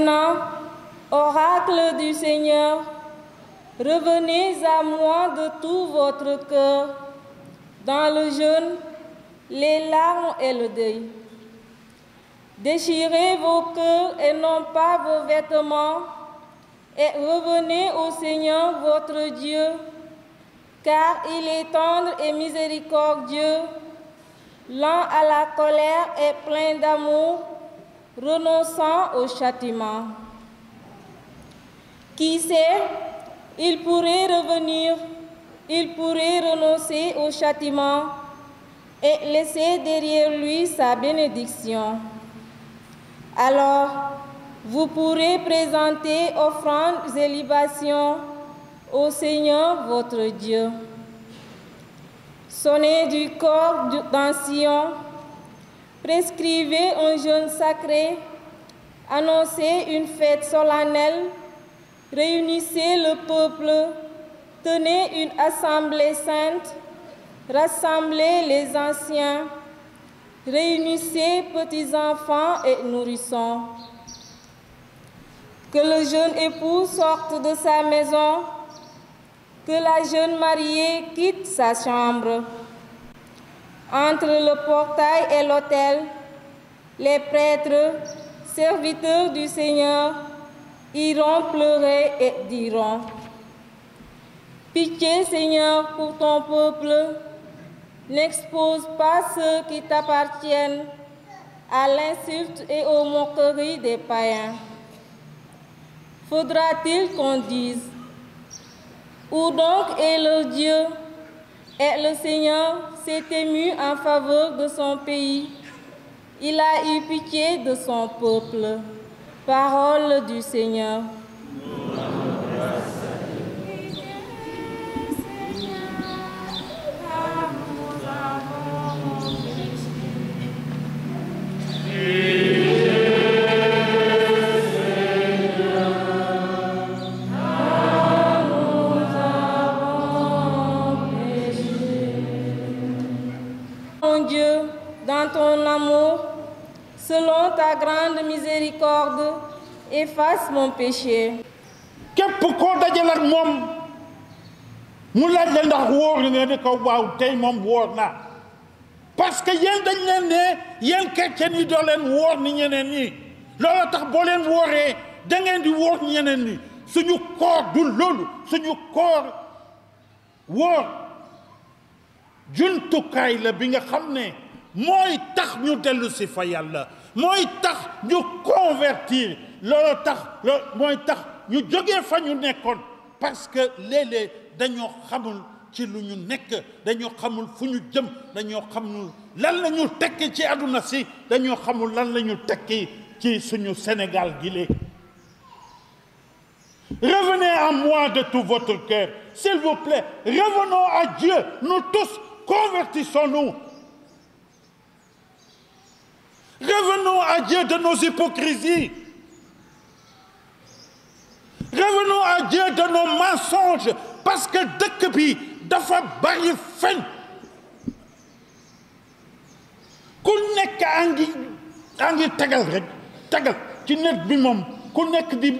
Maintenant, oracle du Seigneur, revenez à moi de tout votre cœur, dans le jeune les larmes et le deuil. Déchirez vos cœurs et non pas vos vêtements, et revenez au Seigneur votre Dieu, car il est tendre et miséricordieux, lent à la colère et plein d'amour renonçant au châtiment. Qui sait, il pourrait revenir, il pourrait renoncer au châtiment et laisser derrière lui sa bénédiction. Alors, vous pourrez présenter offrandes et libations au Seigneur votre Dieu. Sonnez du corps d'un prescrivait un jeune sacré, annonçait une fête solennelle, réunissait le peuple, tenait une assemblée sainte, rassemblait les anciens, réunissait petits-enfants et nourrissons. Que le jeune époux sorte de sa maison, que la jeune mariée quitte sa chambre. Entre le portail et l'autel, les prêtres, serviteurs du Seigneur, iront pleurer et diront, Pitié Seigneur pour ton peuple, n'expose pas ceux qui t'appartiennent à l'insulte et aux moqueries des païens. Faudra-t-il qu'on dise, Où donc est Et le Seigneur s'est ému en faveur de son pays. Il a eu pitié de son peuple. Parole du Seigneur. ta grande miséricorde, efface mon péché. képp koo dajal ak moom mu laaj la ndax wóor nga ne ko waaw tey moom wóor naa parce que yéen dañ leen ne yéen chrétien yi doo leen wóor ni ñeneen ñi loolu tax boo leen wóoree da ngeen di wóor ni ñeneen ñi suñu koor du loolu suñu koor wóor juntukaay la bi nga xam ne mooy tax ñu dellu fa yàlla mooy tax ñu convertir loolu tax mooy tax ñu jógee fa ñu nekkoon parce que léeg dañoo xamul ci lu ñu nekk dañoo xamul fu ñu jëm dañoo xamul lan la ñu tekki ci àdduna si dañoo xamul lan la ñu tekki ci suñu Sénégal gi léegi revenez à moi de tout votre cœur s'il vous plaît revenons à Dieu nous tous convertissons-nous Revenons à Dieu nos hypocrisies. Revenons à Dieu nos mensonges parce que dëkk bi dafa bari fen ku nekk a tagal rek tagal ci net bi moom ku nekk di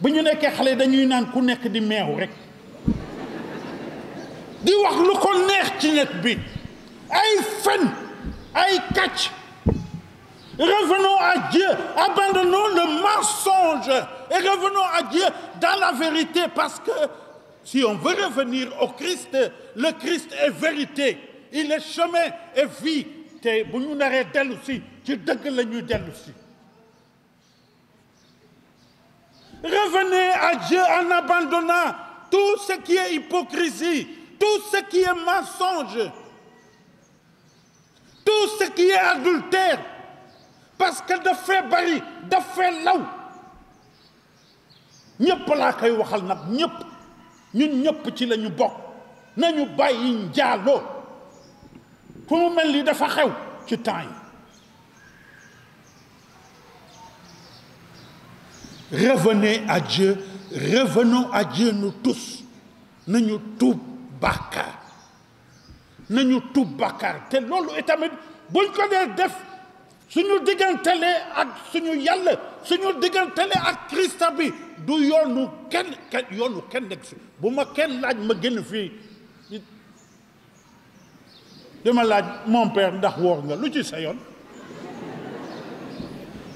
bu ñu nekkee xale dañuy naan ku nekk di meew rek di wax lu ko neex ci net bi ay fen ay kàcc Revenons à Dieu, abandonnons le mensonge et revenons à Dieu dans la vérité parce que si on veut revenir au Christ, le Christ est vérité, il est chemin et vie te bu ñu naree dellu si ci dëgg la ñuy dellu revenez à Dieu en abandonnant tout ce qui est hypocrisie, tout ce qui est mensonge, tout ce qui est adultère. parce que daf fee bari daf law ñépp laa koy waxal nag ñépp ñun ñépp ci lañu bokk nañu bàyyi njaaloo fu mu mel ni dafa xew ci temps yi revenez à Dieu revenons à nañu tuub bàkkaar nañu tuub bàkkaar te loolu itamit buñ ko dee def suñu diggantale ak suñu yàlla suñu diggantale ak Krista bi du yoonu kenn kenn yoonu kenn nekk si bu ma kenn laaj ma génn fii dama laaj mon père ndax woor nga lu ci sa yoon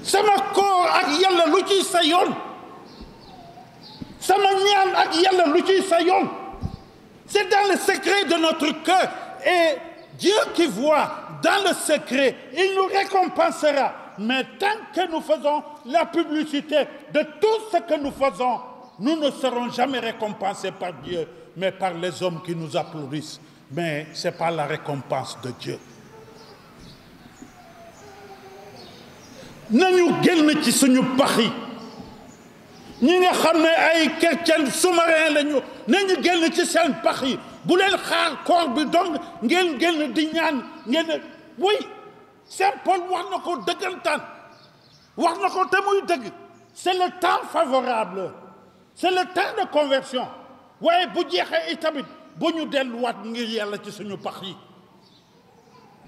sama koor ak yàlla lu ci sa yoon sama ñaan ak yàlla lu ci sa yoon c'est dans le secret de notre cœur et Dieu qui voit dans le secret, il nous récompensera. Mais tant que nous faisons la publicité de tout ce que nous faisons, nous ne serons jamais récompensés par Dieu, mais par les hommes qui nous applaudissent. Mais ce n'est la récompense de Dieu. nañu génn ci suñu pax yi ñi nga xam ne ay chrétien sous-marin lañu nañu génn ci seen pax yi bu leen xaar koor bi dong ngeen génn di oui Saint wax na ko dëggantaan wax na ko te muy dëgg c'est le temps favorable c'est le temps de conversion waaye bu jeexee tamit bu ñu delluwaat ngir yàlla ci suñu pax yi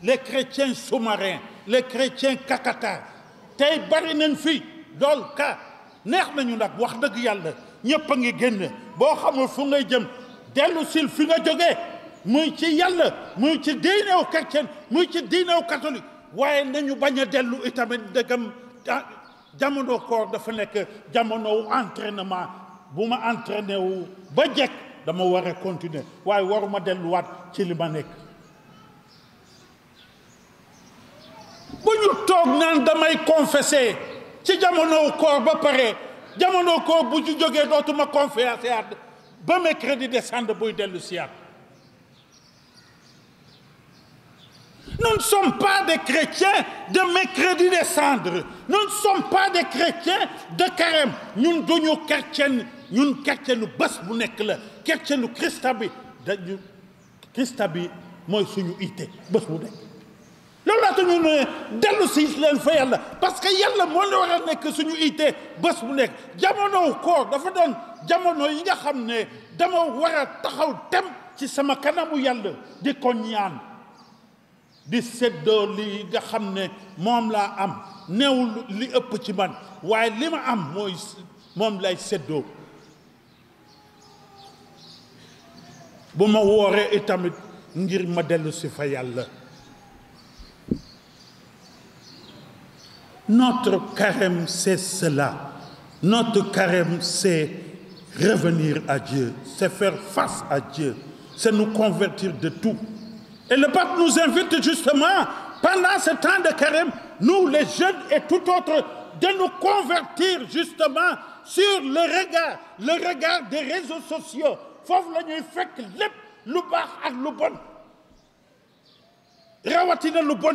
les chrétiens sous-marins les chrétiens kakata tey bari nañ fii lool ka neex nañu nag wax dëgg yàlla ñépp a ngi génn boo xamul fu ngay jëm dellu sil fi nga jógee muy ci yàlla muy ci diinew chrétien muy ci diinew katolik waaye nañu bañ a dellu itamit dëggam jamono koor dafa nekk jamonow entraînement bu ma entraîné wu ba jekk dama war a continuer waaye waruma delluwaat ci li ma nekk bu ñu toog naan damay confessé ci jamonow koor ba pare jamono koor bu ñu jógee dootuma confessé at ba mercredi décembre buy dellu siyaat Nous ne sommes pas des chrétiens de mercredi des cendres. Nous ne sommes pas des chrétiens de carême. ñun dañoo chrétien ñun chrétien lu bés bu nekk la chrétien lu Christa bi dañu Christa bi mooy suñu itte bés bu nekk. loolu laa tax ñu ne dellu si leen fa yàlla parce que yàlla moo la war a nekk suñu ite bés bu nekk jamonow koor dafa doon jamono yi nga xam ne dama war a taxaw tem ci sama kanamu yàlla di ko ñaan. di seddoo li nga xam ne moom laa am newul li ëpp ci man waaye li ma am mooy moom lay seddoo bu ma wooree itamit ngir ma dellu si fa yàlla notre carême c'est cela notre carême c'est revenir à Dieu c'est faire face à Dieu c'est nous convertir de tout Et le pape nous invite justement, pendant ce temps de carême, nous les jeunes et tout autre, de nous convertir justement sur le regard, des réseaux sociaux. foofu la ñuy fekk lépp lu baax ak lu bon rawatina lu bon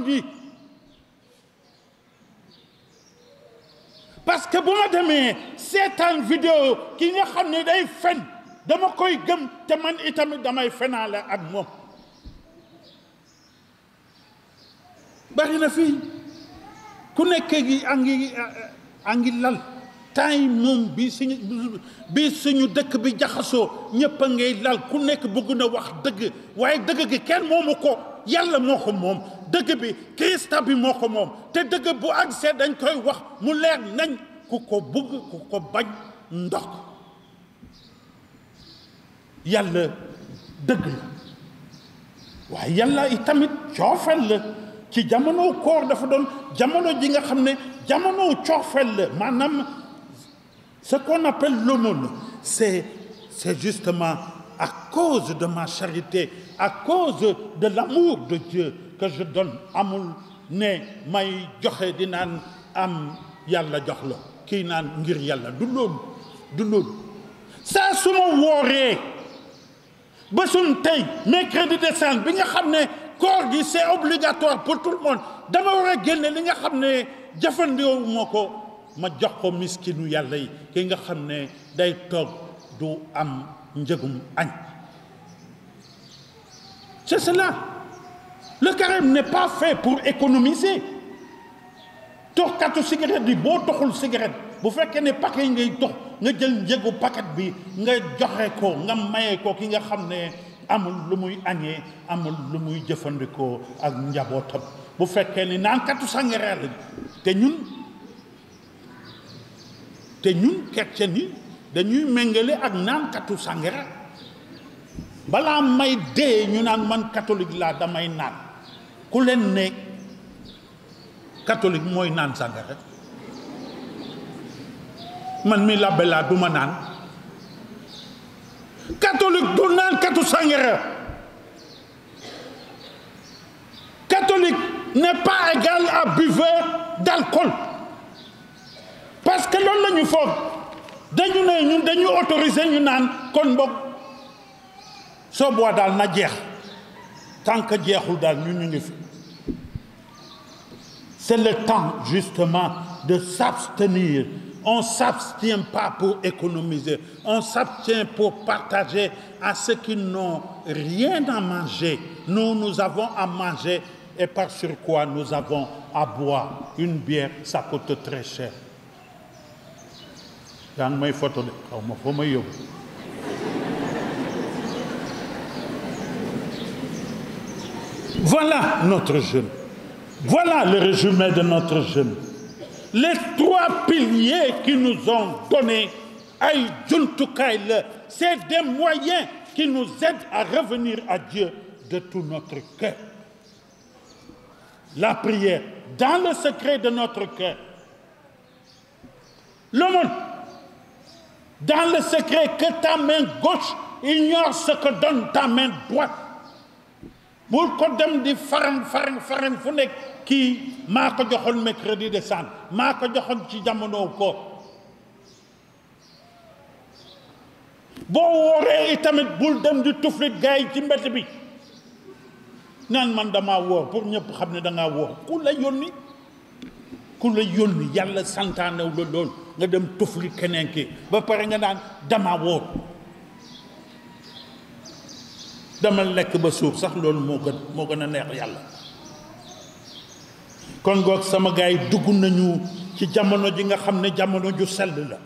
parce que bu ma demee seetaan vidéo ki nga xam ne day fen dama koy gëm te man itamit damay fenaale ak moom barina na fii ku nekk gi a ngi a ngi lal temps moom bi suñu bi suñu dëkk bi jaxasoo ñëpp a ngay lal ku nekk bëgg na wax dëgg waaye dëgg gi kenn moomu ko yàlla moo ko moom dëgg bi Kirista bi moo ko moom te dëgg bu agsee dañ koy wax mu leer nañ ku ko bëgg ku ko bañ ndox yàlla dëgg la waaye yàlla itamit coofal la ci jamono koor dafa doon jamono ji nga xam ne jamono coofel la maanaam ce qu'on appelle l'aumône c'est c'est justement à cause de ma charité à cause de l'amour de Dieu que je donne amul ne may joxe di naan am yàlla jox la kii naan ngir yàlla du loolu du loolu saa su ma wooree ba suñ tey mercredi décembre bi nga xam ne koor gi c'est obligatoire pour tout le dama war a génne li nga xam ne jëfandikoo moo ko ma jox ko miskinu yàlla yi ki nga xam ne day toog du am njëgum añ c'est cela le carême n'est pas fait pour économiser toxkatu cigarette bi boo toxul cigarette bu fekkee ne paquet ngay tox nga jël njëgu paquet bi nga joxe ko nga maye ko ki nga xam ne amul lu muy añee amul lu muy jëfandikoo ak njabootam bu fekkee ni naankatu sàngara lañ te ñun te ñun chrétien yi dañuy méngale ak naankatu sàngara balaa may dee ñu naan man catholique laa damay naan ku leen ne catholique mooy naan sàngara man mi làbbe laa duma naan catholique du naan katu sàngara catholique n'est pas égal à buveur d'alcool parce que loolu lañu ñu foog dañu ne ñun dañu autoriser ñu naan kon mbokk soo bois daal na jeex tant que jeexul daal ñu ñu ngi fi c'est le temps justement de s'abstenir On ne s'abstient pas pour économiser. On s'abstient pour partager à ceux qui n'ont rien à manger. Nous, nous avons à manger et par sur quoi nous avons à boire. Une bière, ça coûte très cher. Voilà notre jeûne. Voilà le résumé de notre jeûne. les trois piliers qui nous ont donnés ay jumtukaay la c'est des moyens qui nous aident à revenir à Dieu de tout notre cœur la prière dans le secret de notre cœur l'aumône dans le secret que ta main gauche ignore ce que donne ta main droite bul ko dem di faram faram faram fu nekk kii maa ko joxoon mercredi de Sane maa ko joxoon ci jamono ko boo wooree itamit bul dem di tuflit gars ci mbett bi naan man dama woor pour ñëpp xam ne danga woor ku la yónni ku la yónni yàlla santaanew la lool nga dem tuflit keneen ki ba pare nga naan damaa woor dama lekk ba suur sax loolu moo gën moo gën a neex yàlla kon goog sama gaay yi dugg nañu ci jamono ji nga xam ne jamono ju sell la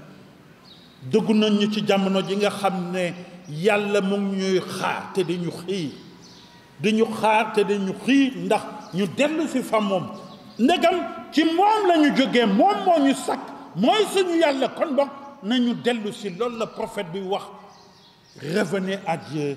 dugg nañu ci jamono ji nga xam ne yàlla mu ngi ñuy xaar te di ñu xiir di ñu xaar te di ñu xiir ndax ñu dellu si fa moom ndegam ci moom la ñu jógee moom moo ñu sakk mooy suñu yàlla kon bokk nañu dellu si loolu la prophète bi wax revenez à Dieu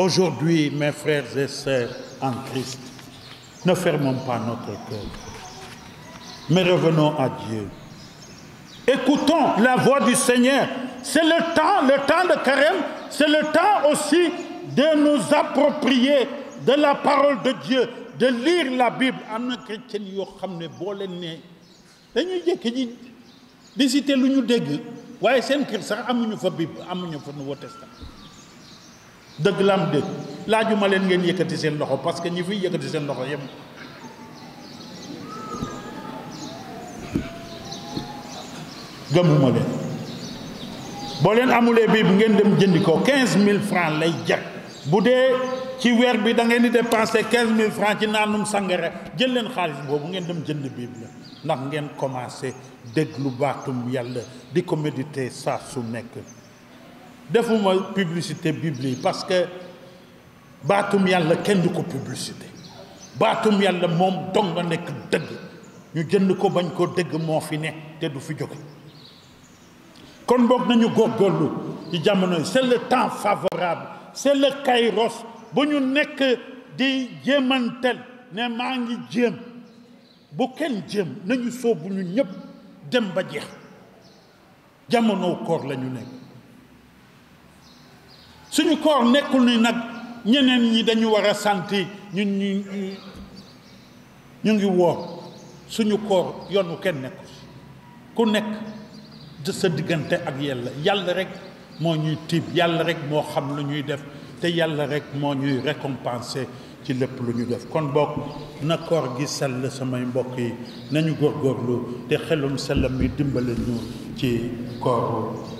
Aujourd'hui, mes frères et sœurs en Christ, ne fermons pas notre cœur, mais revenons à Dieu. Écoutons la voix du Seigneur. C'est le temps, le temps de carême, c'est le temps aussi de nous approprier de la parole de Dieu, de lire la Bible. am na chrétien yoo xam ne boo leen ne dañuy jékki ñi di citer lu ñu dégg waaye seen kër sax amuñu fa Bible amuñu fa Nouveau Testament dëgg la am déet leen ngeen yëkkati seen loxo parce que ñi fiy yëkkati seen loxo yem gëmuma leen boo leen amulee bii bu ngeen dem jëndi ko quinze mille francs lay jar bu dee ci weer bi da ngeen di dépenser quinze mille francs ci naanum sàngara jël leen xaalis boobu ngeen dem jënd bii la ndax ngeen commencé lu baatum yàlla di ko méditer su nekk defuma publicité biblique parce que baatum yàlla kenn du ko publicité baatum yàlla moom dong nga nekk dëgg ñu jënd ko bañ koo dëgg moo fi ne te du fi jóge kon boog nañu góorgóorlu ci jamono yi c'est le temps favorable c'est le kairos bu ñu nekk di jéemantel ne maa ngi jéem bu kenn jéem nañu soobu ñu ñëpp dem ba jeex jamono koor lañu nekk suñu koor nekkul ni nag ñeneen ñi dañu war a santi ñun ñu ñu ngi woor suñu koor yoonu kenn nekku ku nekk sa diggante ak yàlla yàlla rekk moo ñuy tiib yàlla rek moo xam lu ñuy def te yàlla rek moo ñuy récompenser ci lépp lu ñu def kon bokk na koor gi sell samay mbokk yi nañu góorgóorlu te xelum sellam yi dimbale ñu ci kooru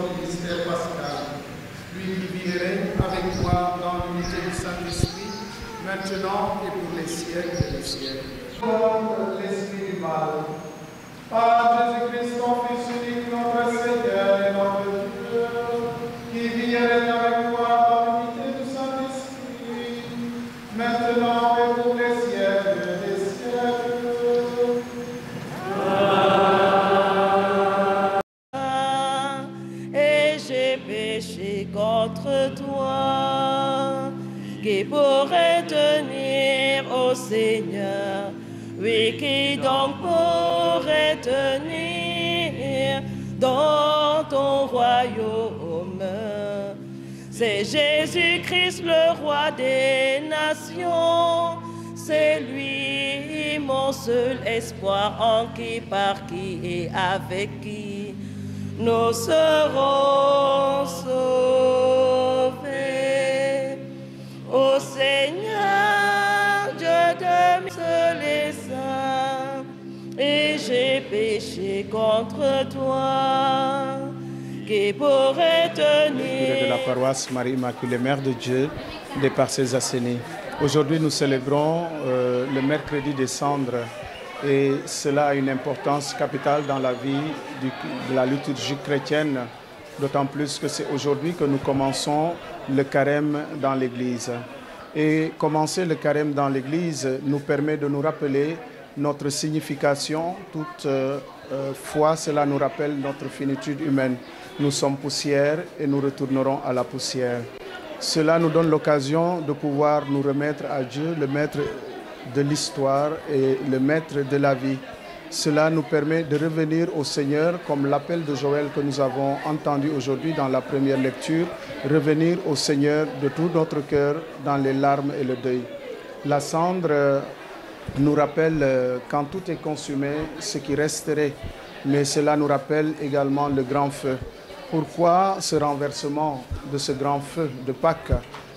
maintenant et pour les siècles des son royaume. C'est Jésus-Christ le roi des nations, c'est lui mon seul espoir en qui, par qui et avec qui nous serons sauvés. Ô Seigneur, de mes les et j'ai péché contre toi. qui pourrait tenir. de la paroisse Marie-Immaculée, Mère de Dieu, des Parcelles Assainies. Aujourd'hui, nous célébrons euh, le mercredi des cendres et cela a une importance capitale dans la vie du, de la liturgie chrétienne, d'autant plus que c'est aujourd'hui que nous commençons le carême dans l'Église. Et commencer le carême dans l'Église nous permet de nous rappeler notre signification, toute euh, euh fois cela nous rappelle notre finitude humaine. Nous sommes poussière et nous retournerons à la poussière. Cela nous donne l'occasion de pouvoir nous remettre à Dieu, le maître de l'histoire et le maître de la vie. Cela nous permet de revenir au Seigneur comme l'appel de Joël que nous avons entendu aujourd'hui dans la première lecture, revenir au Seigneur de tout notre cœur dans les larmes et le deuil. La cendre euh, nous rappelle euh, quand tout est consumé ce qui resterait, mais cela nous rappelle également le grand feu. pourquoi ce renversement de ce grand feu de Pâques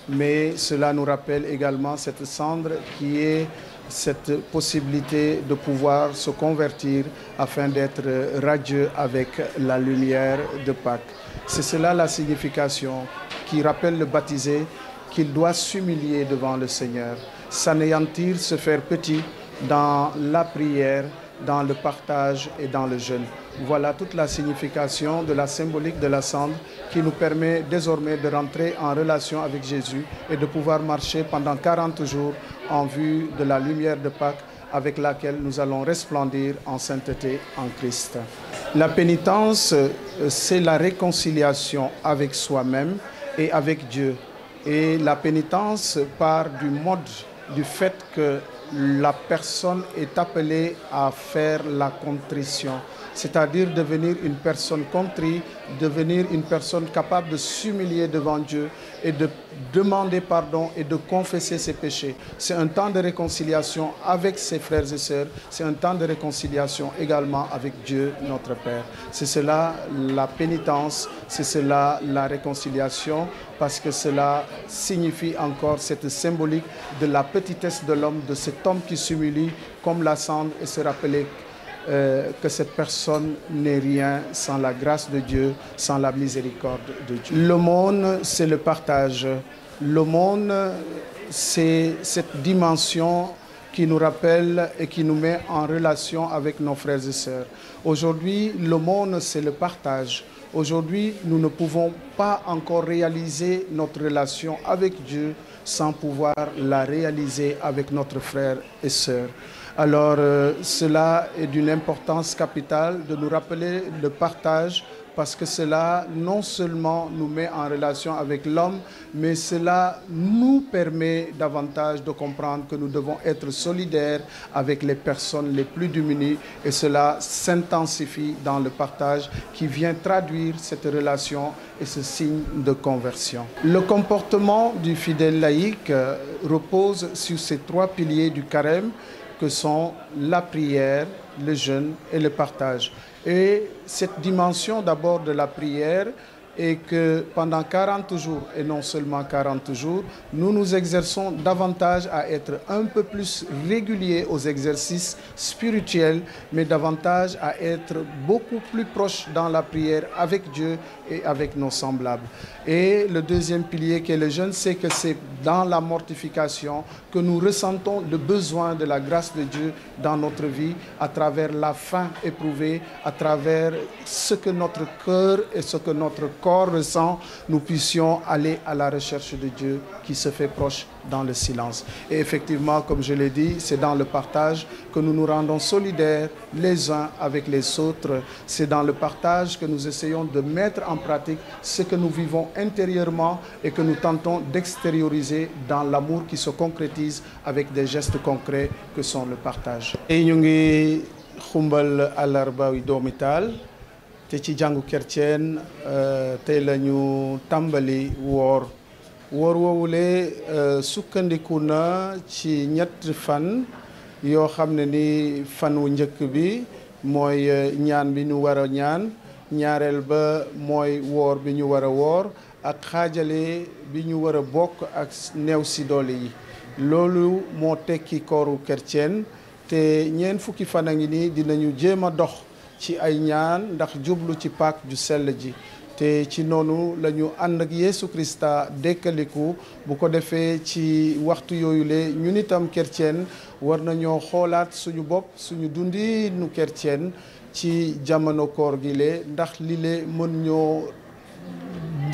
mais cela nous rappelle également cette cendre qui est cette possibilité de pouvoir se convertir afin d'être radieux avec la lumière de Pâques. C'est cela la signification qui rappelle le baptisé qu'il doit s'humilier devant le Seigneur, s'anéantir, se faire petit dans la prière dans le partage et dans le jeûne. Voilà toute la signification de la symbolique de la cendre qui nous permet désormais de rentrer en relation avec Jésus et de pouvoir marcher pendant 40 jours en vue de la lumière de Pâques avec laquelle nous allons resplendir en sainteté en Christ. La pénitence, euh, c'est la réconciliation avec soi-même et avec Dieu. Et la pénitence part du mode, du fait que la personne est appelée à faire la contrition. c'est-à-dire devenir une personne contrite, devenir une personne capable de s'humilier devant Dieu et de demander pardon et de confesser ses péchés. C'est un temps de réconciliation avec ses frères et sœurs, c'est un temps de réconciliation également avec Dieu notre Père. C'est cela la pénitence, c'est cela la réconciliation, parce que cela signifie encore cette symbolique de la petitesse de l'homme, de cet homme qui s'humilie comme la cendre et se rappeler euh, que cette personne n'est rien sans la grâce de Dieu, sans la miséricorde de Dieu. L'aumône, c'est le partage. L'aumône, c'est cette dimension qui nous rappelle et qui nous met en relation avec nos frères et sœurs. Aujourd'hui, l'aumône, c'est le partage. Aujourd'hui, nous ne pouvons pas encore réaliser notre relation avec Dieu sans pouvoir la réaliser avec notre frère et sœur. Alors euh, cela est d'une importance capitale de nous rappeler le partage parce que cela non seulement nous met en relation avec l'homme, mais cela nous permet davantage de comprendre que nous devons être solidaires avec les personnes les plus démunies et cela s'intensifie dans le partage qui vient traduire cette relation et ce signe de conversion. Le comportement du fidèle laïque euh, repose sur ces trois piliers du carême que sont la prière, le jeûne et le partage. Et cette dimension d'abord de la prière, et que pendant 40 jours, et non seulement 40 jours, nous nous exerçons davantage à être un peu plus réguliers aux exercices spirituels, mais davantage à être beaucoup plus proches dans la prière avec Dieu et avec nos semblables. Et le deuxième pilier qui est le jeûne, c'est que c'est dans la mortification que nous ressentons le besoin de la grâce de Dieu dans notre vie, à travers la faim éprouvée, à travers ce que notre cœur et ce que notre corps corps, le sang, nous puissions aller à la recherche de Dieu qui se fait proche dans le silence. Et effectivement, comme je l'ai dit, c'est dans le partage que nous nous rendons solidaires les uns avec les autres. C'est dans le partage que nous essayons de mettre en pratique ce que nous vivons intérieurement et que nous tentons d'extérioriser dans l'amour qui se concrétise avec des gestes concrets que sont le partage. Et ñu ngi xumbal àllarba wi doomi te ci jàngu kerceen euh, tey lañu tàmbali woor woor woowule euh, sukkandiku na ci ñett fan yoo xam ne ni fan wu njëkk bi mooy euh, ñaan bi ñu war a ñaan ñaareel ba mooy woor bi ñu war a woor ak xaajale bi ñu war a bokk ak néew si doole yi loolu moo tekki kooru kerceen te ñeent fukki fan a ngi nii dinañu jéem a dox ci ay ñaan ndax jublu ci paak ju sell ji te ci noonu lañu ànd ak Yeesu Krista dekkaliku bu ko defee ci waxtu yooyule ñun itam chrétien war nañoo xoolaat suñu bopp suñu dundinu chrétien ci jamono koor gi le ndax li le mën ñoo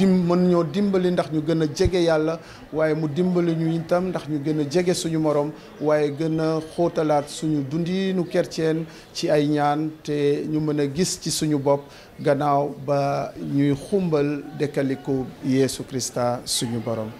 dim mën ñoo dimbali ndax ñu gën a jege yàlla waaye mu dimbali ñu itam ndax ñu gën a jege suñu moroom waaye gën a xootalaat suñu dundinu kerceen ci ay ñaan te ñu mën a gis ci suñu bopp gannaaw ba ñuy xumbal dekkaliku Yeesu Krista suñu borom